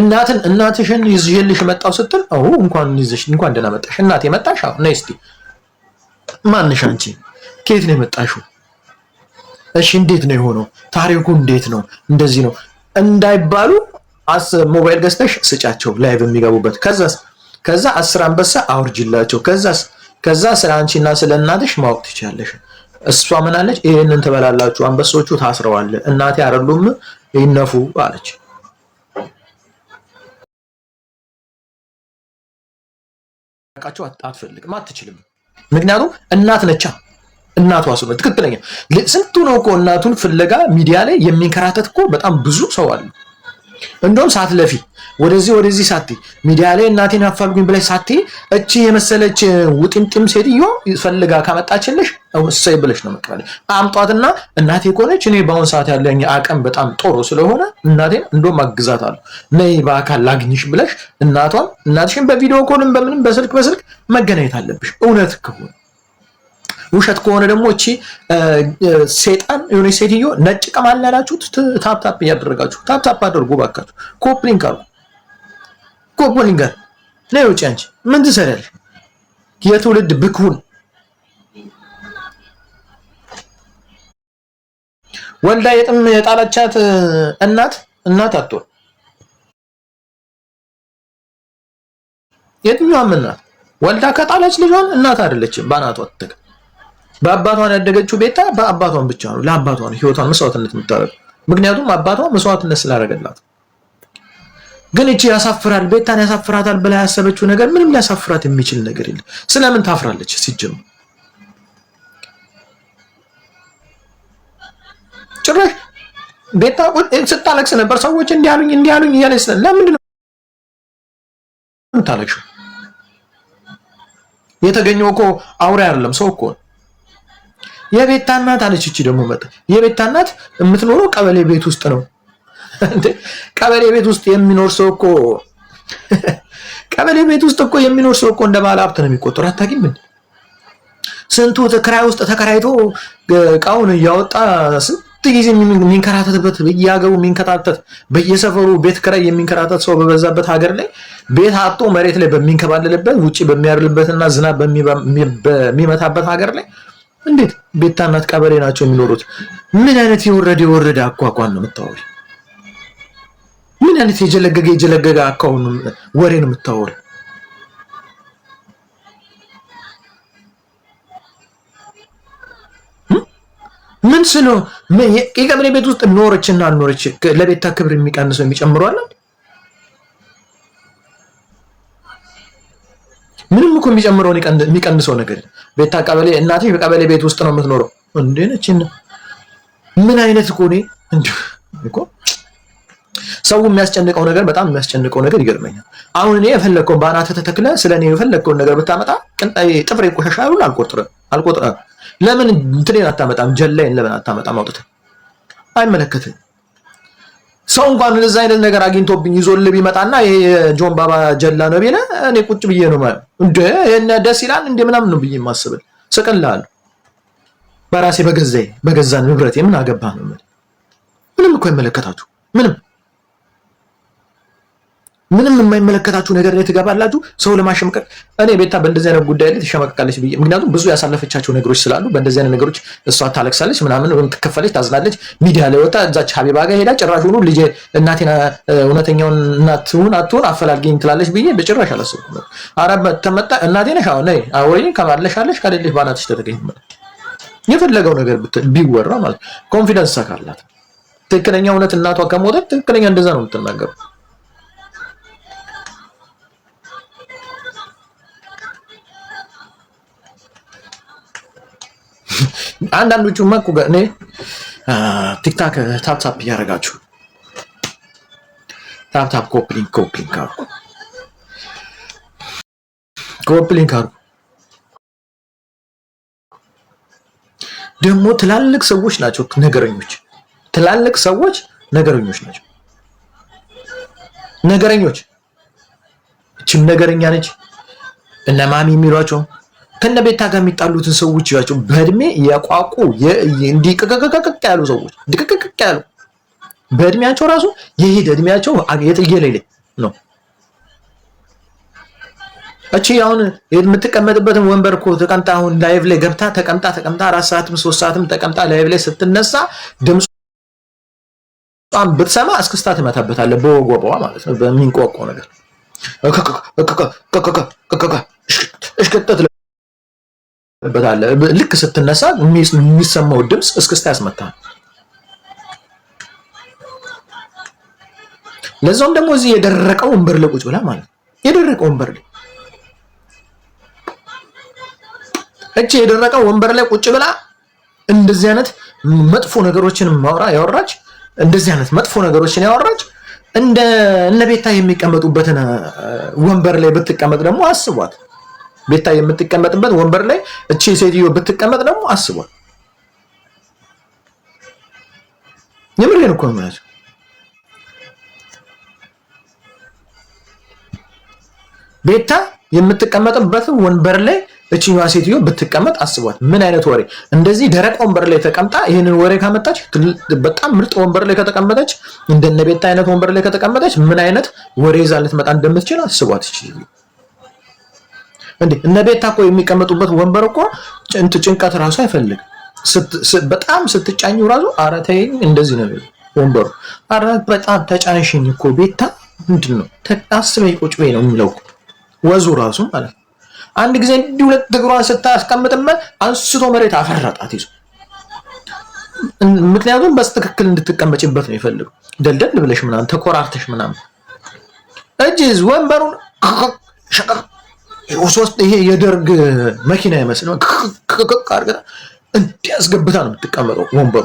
እናትን እናትሽን ይዝሽልሽ መጣው ስትል አዎ እንኳን ይዝሽ እንኳን ደህና መጣሽ እናቴ መጣሽ አዎ ነይ እስኪ ማንሽ አንቺ ከየት ነው የመጣሽው እሺ እንዴት ነው የሆነው ታሪኩ እንዴት ነው እንደዚህ ነው እንዳይባሉ አስ ሞባይል ገዝተሽ ስጫቸው ላይቭ የሚገቡበት ከዛስ ከዛ አስር አንበሳ አውርጅላቸው ከዛስ ከዛ ስለ አንቺና ስለ እናትሽ ማወቅ ትችያለሽ እሷ ምናለች ይህንን ትበላላችሁ አንበሶቹ ታስረዋል እናቴ አይደሉም ይነፉ አለች ቃቸው አትፈልግም አትችልም። ምክንያቱም እናት ነቻ እናቷ ስለሆነ ትክክለኛ ስንቱ ነው እኮ እናቱን ፍለጋ ሚዲያ ላይ የሚንከራተት እኮ በጣም ብዙ ሰው አለ። እንደውም ሳትለፊ ወደዚህ ወደዚህ ሳቴ ሚዲያ ላይ እናቴን አፋልጉኝ ብላይ ሳቴ እቺ የመሰለች ውጥምጥም ሴትዮ ፈልጋ ካመጣችልሽ እወሳይ ብለሽ ነው መቀበል። አምጧትና እናቴ ከሆነች እኔ በአሁን ሰዓት ያለኝ አቅም በጣም ጦሮ ስለሆነ እናቴን እንደውም አግዛታለሁ፣ ነይ በአካል ላግኝሽ ብለሽ እናቷን እናትሽን በቪዲዮ ኮልም በምንም በስልክ በስልክ መገናኘት አለብሽ። እውነት ከሆነ ውሸት ከሆነ ደግሞ እቺ ሴጣን የሆነች ሴትዮ ነጭ ቀማል ያላችሁት ታፕታፕ እያደረጋችሁ ታፕታፕ አድርጉ ባካችሁ። ኮፕሊንግ አሉ ኮፕሊንግ ነይ ውጪ። አንቺ ምን ትሰሪያለሽ? የትውልድ ብክሁን ወልዳ የጥም የጣለቻት እናት እናት አትሆን። የትኛዋም እናት ወልዳ ከጣለች ልጇን እናት አይደለችም። በአናቷ ትተካ በአባቷን ያደገችው ቤታ በአባቷን ብቻ ነው ለአባቷ ነው ህይወቷን መስዋዕትነት የምታደርገው። ምክንያቱም አባቷ መስዋዕትነት ስላደረገላት። ግን እቺ ያሳፍራል፣ ቤታን ያሳፍራታል ብላ ያሰበችው ነገር ምንም ሊያሳፍራት የሚችል ነገር የለም። ስለምን ታፍራለች ሲጀምር ጭራሽ ቤታ ስታለቅስ ነበር። ሰዎች እንዲያሉኝ እንዲያሉኝ እያለች ለምንድን ነው የምታለቅሽው? የተገኘው እኮ አውሬ አይደለም ሰው እኮ የቤታ እናት አለች። እቺ ደግሞ መጣ የቤታ እናት የምትኖረው ቀበሌ ቤት ውስጥ ነው። ቀበሌ ቤት ውስጥ የሚኖር ሰው እኮ ቀበሌ ቤት ውስጥ እኮ የሚኖር ሰው እኮ እንደ ባለ ሀብት ነው የሚቆጠሩ። አታውቂም እንዴ? ስንቱ ክራይ ውስጥ ተከራይቶ እቃውን እያወጣ ስንት ጊዜ የሚንከራተትበት በየሀገሩ የሚንከታተት በየሰፈሩ ቤት ክራይ የሚንከራተት ሰው በበዛበት ሀገር ላይ ቤት አጥቶ መሬት ላይ በሚንከባልልበት ውጭ በሚያርልበትና ዝናብ በሚመታበት ሀገር ላይ እንዴት ቤት እናት ቀበሌ ናቸው የሚኖሩት? ምን አይነት የወረደ የወረደ አኳኳን ነው የምታወሪ? ምን አይነት የጀለገገ የጀለገገ አኳኋን ወሬ ነው የምታወሪ? ምን ነው። የቀበሌ ቤት ውስጥ ኖረችና አልኖረች ለቤታ ክብር የሚቀንሰው የሚጨምረው አለ? ምንም እኮ የሚጨምረውን የሚቀንሰው ነገር ቤታ ቀበሌ እናቴ በቀበሌ ቤት ውስጥ ነው የምትኖረው። እንዴ ምን አይነት እኮ እኔ እንዲሁ እኮ ሰው የሚያስጨንቀው ነገር በጣም የሚያስጨንቀው ነገር ይገርመኛል። አሁን እኔ የፈለግከውን በአናተ ተተክለ ስለ እኔ የፈለግከውን ነገር ብታመጣ ጥፍሬ ቆሻሻ አልቆጥረም? አልቆጥርም ለምን እንትኔን አታመጣም? ጀላይን ለምን አታመጣም? አውጥተህ አይመለከትም። ሰው እንኳን እንደዛ አይነት ነገር አግኝቶብኝ ይዞል ቢመጣና ይሄ ጆን ባባ ጀላ ነው ቢለ እኔ ቁጭ ብዬ ነው ማለት እንደ ደስ ይላል እንደ ምናምን ነው ብዬ የማስብል ስቅልሃለሁ። በራሴ በገዛኝ በገዛ ንብረቴ ምን አገባህ ነው ምንም እኮ አይመለከታችሁ ምንም ምንም የማይመለከታችሁ ነገር ላይ ትገባላችሁ፣ ሰው ለማሸመቀቅ። እኔ ቤታ በእንደዚህ አይነት ጉዳይ ላይ ትሸመቀቃለች ብዬ ምክንያቱም ብዙ ያሳለፈቻቸው ነገሮች ስላሉ በእንደዚህ አይነት ነገሮች እሷ ታለቅሳለች፣ ምናምን ወይም ትከፈለች፣ ታዝናለች። ሚዲያ ላይ ወጣ እዛች ሀቢባ ጋር ሄዳ ጭራሽ ሆኑ ልጄ እናቴና እውነተኛውን እናትሁን አትሁን አፈላልገኝ ትላለች ብዬ በጭራሽ አላሰብኩም። ኧረ ተመጣ እናቴ ነሽ አሁን ወይ ከማለሻለሽ ከሌለሽ ባናትሽ ተተገኝ የፈለገው ነገር ቢወራ ማለት ኮንፊደንስ ካላት ትክክለኛ እውነት እናቷ ከሞተት ትክክለኛ እንደዛ ነው የምትናገረው። አንዳንዶቹ እኮ እኔ ቲክታክ ታፕታፕ እያደረጋችሁ ታፕታፕ ኮፕሊንግ ኮፕሊንግ አርጉ ኮፕሊንግ አርጉ። ደግሞ ትላልቅ ሰዎች ናቸው ነገረኞች። ትላልቅ ሰዎች ነገረኞች ናቸው። ነገረኞች እችም ነገረኛ ነች። እነ ማሚ የሚሏቸው ከነ ቤታ ጋር የሚጣሉትን ሰዎች ያቸው በእድሜ የቋቁ እንዲቀቀቀቅ ያሉ ሰዎች እንዲቀቀቅ ያሉ በእድሜያቸው ራሱ የሄደ እድሜያቸው የጥየለሌ ነው። እቺ አሁን የምትቀመጥበትን ወንበር እኮ ተቀምጣ አሁን ላይቭ ላይ ገብታ ተቀምጣ ተቀምጣ አራት ሰዓትም ሶስት ሰዓትም ተቀምጣ ላይቭ ላይ ስትነሳ ድምጿን ብትሰማ እስክስታ ትመታበታለ። በወጎበዋ ማለት ነው በሚንቋቋ ነገር በታለ ልክ ስትነሳ የሚሰማው ድምፅ እስክስታ ያስመታል። ለዛውም ደግሞ እዚህ የደረቀው ወንበር ለቁጭ ብላ ማለት የደረቀው ወንበር ላይ እቺ የደረቀው ወንበር ላይ ቁጭ ብላ እንደዚህ አይነት መጥፎ ነገሮችን ማውራ ያወራች እንደዚህ አይነት መጥፎ ነገሮችን ያወራች እንደ እነ ቤታ የሚቀመጡበትን ወንበር ላይ ብትቀመጥ ደግሞ አስቧት። ቤታ የምትቀመጥበት ወንበር ላይ እቺ ሴትዮ ብትቀመጥ ደግሞ አስቧል። የምሬን እኮ ነው። ቤታ የምትቀመጥበትን ወንበር ላይ እችኛዋ ሴትዮ ብትቀመጥ አስቧት። ምን አይነት ወሬ! እንደዚህ ደረቅ ወንበር ላይ ተቀምጣ ይህንን ወሬ ካመጣች፣ በጣም ምርጥ ወንበር ላይ ከተቀመጠች፣ እንደነ ቤታ አይነት ወንበር ላይ ከተቀመጠች ምን አይነት ወሬ ይዛ ልትመጣ እንደምትችል አስቧት። እንዴ እነ ቤታ እኮ የሚቀመጡበት ወንበር እኮ ጭንት ጭንቀት ራሱ አይፈልግም። በጣም ስትጫኙ ራሱ ኧረ ተይኝ እንደዚህ ነው ወንበሩ። ኧረ በጣም ተጫንሽኝ እኮ ቤታ ምንድን ነው አስበኝ ቁጭ በይ ነው የሚለው ወዙ ራሱ ማለት ነው። አንድ ጊዜ እንዲህ ሁለት እግሯን ስታስቀምጥበት አንስቶ መሬት አፈረጣት ይዞ ምክንያቱም በስትክክል እንድትቀመጭበት ነው ይፈልጉ። ደልደል ብለሽ ምናምን ተኮራርተሽ ምናምን እጅ ወንበሩን ሸቀቅ ሶስት ይሄ የደርግ መኪና ይመስል ክክክ እንዲህ አስገብታ ነው የምትቀመጠው ወንበሩ።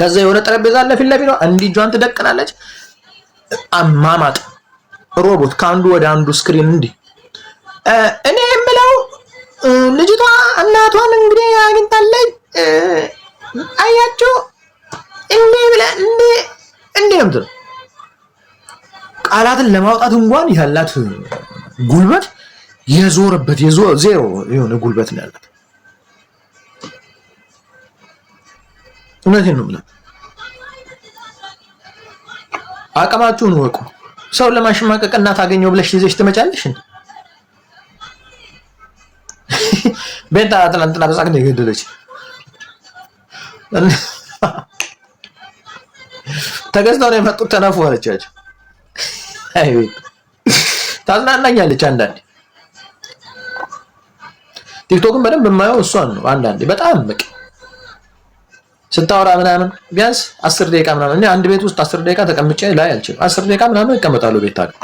ከዛ የሆነ ጠረጴዛ አለ ፊት ለፊቷ እንዲህ እጇን ትደቅናለች። አማማጥ ሮቦት ከአንዱ ወደ አንዱ ስክሪን እንዲህ እኔ የምለው ልጅቷ እናቷን እንግዲህ አግኝታለች። ብለ ነው ቃላትን ለማውጣት እንኳን ያላት ጉልበት የዞረበት ዜሮ የሆነ ጉልበት ነው ያላት። እውነቴን ነው የምልህ። አቅማችሁን ወቁ። ሰውን ለማሸማቀቅ እናት አገኘው ብለሽ ይዘሽ ትመጫለሽ። ቤታ ትናንትና በሳቅ ነው የገደለች። ተገዝተው ነው የመጡት ተነፉ አለቻቸው። አይ ቤት ታዝናናኛለች። አንዳንዴ ቲክቶክን በደንብ የማየው እሷን ነው። አንዳንዴ በጣም በቂ ስታወራ ምናምን ቢያንስ አስር ደቂቃ ምናምን እኔ አንድ ቤት ውስጥ አስር ደቂቃ ተቀምጬ ላይ አልችልም። አስር ደቂቃ ምናምን እቀመጣለሁ ቤት ታውቅ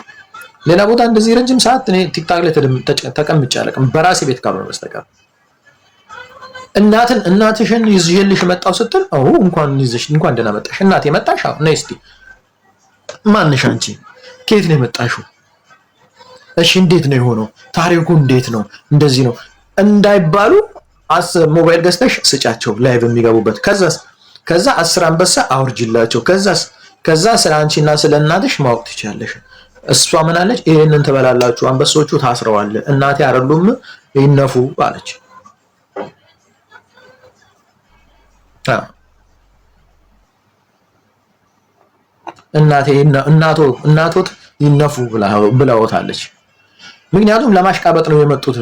ሌላ ቦታ እንደዚህ ረጅም ሰዓት እኔ ቲክታክ ላይ ተቀምጬ አላውቅም፣ በራሴ ቤት ካልሆነ በስተቀር እናትን እናትሽን ይዤልሽ መጣሁ ስትል እንኳን እንኳን ደህና መጣሽ እናቴ መጣሽ ነይ እስኪ ማንሽ አንቺ ከየት ነው የመጣሽው እሺ እንዴት ነው የሆነው? ታሪኩ እንዴት ነው? እንደዚህ ነው እንዳይባሉ ሞባይል ገዝተሽ ስጫቸው ላይቭ የሚገቡበት። ከዛስ ከዛ አስር አንበሳ አውርጅላቸው። ከዛስ ከዛ ስለ አንቺና ስለ እናትሽ ማወቅ ትችላለሽ። እሷ ምን አለች? ይህንን ትበላላችሁ፣ አንበሶቹ ታስረዋል፣ እናቴ አይደሉም ይነፉ አለች። እናቴ እናቶት ይነፉ ብለውታለች። ምክንያቱም ለማሽቃበጥ ነው የመጡት።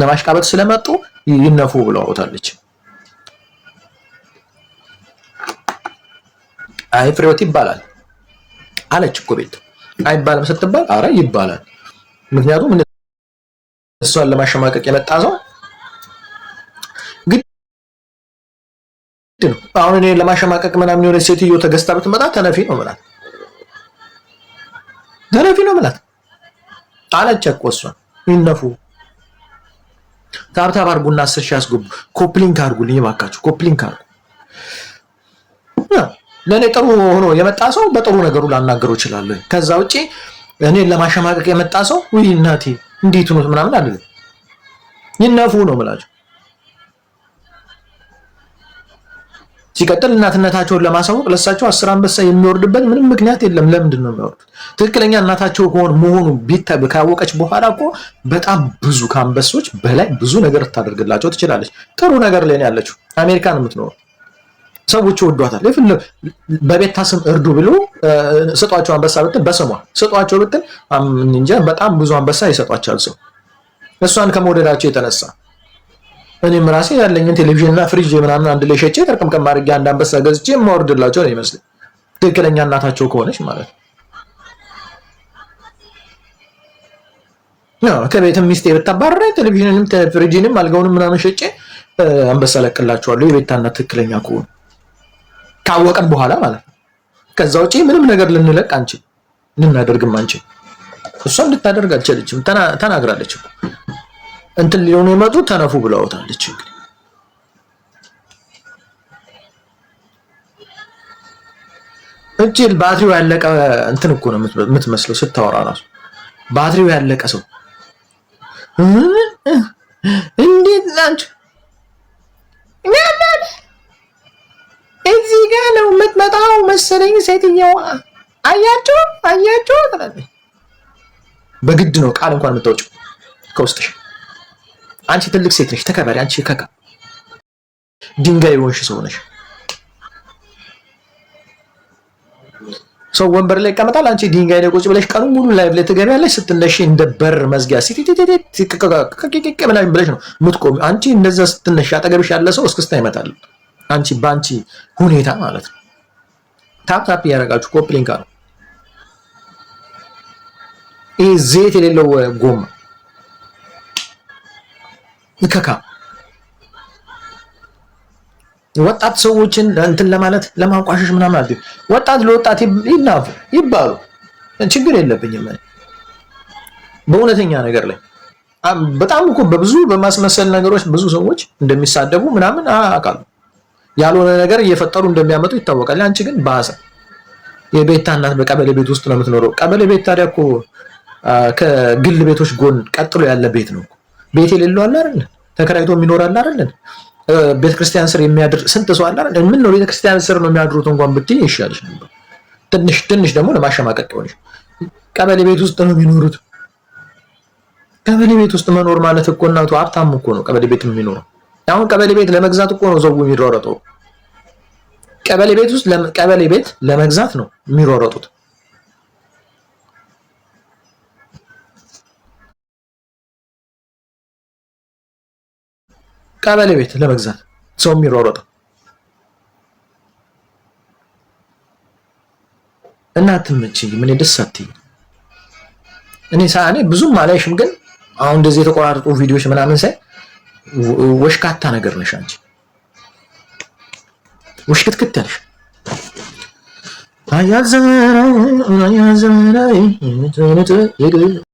ለማሽቃበጥ ስለመጡ ይነፉ ብለዋታለች። አይ ፍሬዎት ይባላል አለች እኮ ቤት አይባልም ስትባል፣ አረ ይባላል። ምክንያቱም እሷን ለማሸማቀቅ የመጣ ሰው ግድ ነው። አሁን እኔ ለማሸማቀቅ ምናምን የሆነ ሴትዮ ተገዝታ ብትመጣ ተነፊ ነው ምላት፣ ተነፊ ነው ምላት አለች እኮ እሷ። ይነፉ ታብታብ አስር ሺህ አስገቡ። ኮፕሊንክ እባካችሁ፣ ኮፕሊንክ ለእኔ ጥሩ ሆኖ የመጣ ሰው በጥሩ ነገሩ ላናገረው እችላለሁ። ከዛ ውጭ እኔን ለማሸማቀቅ የመጣ ሰው ውይ እናቴ እንዴት ሆኖት ምናምን አለ። ይነፉ ነው የምላቸው። ሲቀጥል እናትነታቸውን ለማሳወቅ ለሳቸው አስር አንበሳ የሚወርድበት ምንም ምክንያት የለም። ለምንድን ነው የሚወርዱት? ትክክለኛ እናታቸው ከሆን መሆኑ ካወቀች በኋላ እኮ በጣም ብዙ ከአንበሶች በላይ ብዙ ነገር ታደርግላቸው ትችላለች። ጥሩ ነገር ላይ ያለችው። አሜሪካን የምትኖሩ ሰዎች ወዷታል። በቤታ ስም እርዱ ብሎ ስጧቸው አንበሳ ብትል በስሟ ስጧቸው ብትል እንጃ በጣም ብዙ አንበሳ ይሰጧቸዋል። ሰው እሷን ከመውደዳቸው የተነሳ እኔም ራሴ ያለኝን ቴሌቪዥንና ፍሪጅ ምናምን አንድ ላይ ሸጬ ቀርቅምቀም አድርጌ አንድ አንበሳ ገዝቼ የማወርድላቸው ነው ይመስለኝ፣ ትክክለኛ እናታቸው ከሆነች ማለት ነው። ከቤትም ሚስቴ ብታባረረኝ ቴሌቪዥንንም ፍሪጅንም አልጋውንም ምናምን ሸጬ አንበሳ ለቅላቸዋለሁ፣ የቤታና ትክክለኛ ከሆኑ ካወቀን በኋላ ማለት ነው። ከዛ ውጭ ምንም ነገር ልንለቅ አንችል ልናደርግም አንችል። እሷ እንድታደርግ አልቻለችም፣ ተናግራለች። እንትን ሊሆኑ የመጡ ተነፉ ብለውታለች። እንግዲህ እቺ ባትሪው ያለቀ እንትን እኮ ነው የምትመስለው ስታወራ ራሱ ባትሪው ያለቀ ሰው እንዴት ናቸው? እዚህ ጋ ነው የምትመጣው መሰለኝ ሴትየዋ። አያቸው አያቸው በግድ ነው ቃል እንኳን የምታወጪው ከውስጥሽ አንቺ ትልቅ ሴት ነሽ፣ ተከበሪ። አንቺ ከካ ድንጋይ የሆንሽ ሰው ነሽ። ሰው ወንበር ላይ ይቀመጣል፣ አንቺ ድንጋይ ላይ ቁጭ ብለሽ ቀኑ ሙሉ ላይ ብለሽ ትገቢያለሽ። ስትነሽ እንደ በር መዝጊያ ነው ምትቆም አንቺ እንደዛ ስትነሺ አጠገብሽ ያለ ሰው እስክስታ ይመጣል። አንቺ በአንቺ ሁኔታ ማለት ነው። ታፕ ታፕ እያደረጋችሁ ኮፕሊንካ ነው ይሄ ዘይት የሌለው ጎማ ንከካ ወጣት ሰዎችን እንትን ለማለት ለማንቋሸሽ ምናምን አለ። ወጣት ለወጣት ይናፉ ይባሉ ችግር የለብኝም። በእውነተኛ ነገር ላይ በጣም እኮ በብዙ በማስመሰል ነገሮች ብዙ ሰዎች እንደሚሳደቡ ምናምን አውቃለሁ። ያልሆነ ነገር እየፈጠሩ እንደሚያመጡ ይታወቃል። አንቺ ግን በሀሳብ የቤታ እናት በቀበሌ ቤት ውስጥ ነው የምትኖረው። ቀበሌ ቤት ታዲያ እኮ ከግል ቤቶች ጎን ቀጥሎ ያለ ቤት ነው። ቤት የሌለው አለ አይደለ? ተከራይቶ የሚኖር አለ አይደለ? ቤተክርስቲያን ስር የሚያድር ስንት ሰው አለ አይደለ? ምን ነው ቤተክርስቲያን ስር ነው የሚያድሩት እንኳን ብትይ ይሻልሽ ነበር። ትንሽ ትንሽ ደግሞ ለማሸማቀቅ ይሆንሽ። ቀበሌ ቤት ውስጥ ነው የሚኖሩት። ቀበሌ ቤት ውስጥ መኖር ማለት እኮ እናቱ ሀብታም እኮ ነው ቀበሌ ቤት የሚኖረው። አሁን ቀበሌ ቤት ለመግዛት እኮ ነው ዘው የሚሯረጠው። ቀበሌ ቤት ውስጥ ቀበሌ ቤት ለመግዛት ነው የሚሯረጡት። ቀበሌ ቤት ለመግዛት ሰው የሚሯሯጠው እና አትመችኝም። ምን ደስ አትይኝ። እኔ ሳኔ ብዙም አላይሽም፣ ግን አሁን እንደዚህ የተቆራረጡ ቪዲዮዎች ምናምን ሳይ ወሽካታ ነገር ነሽ አንቺ፣ ወሽክትክት ያለሽ አያዘመናዊ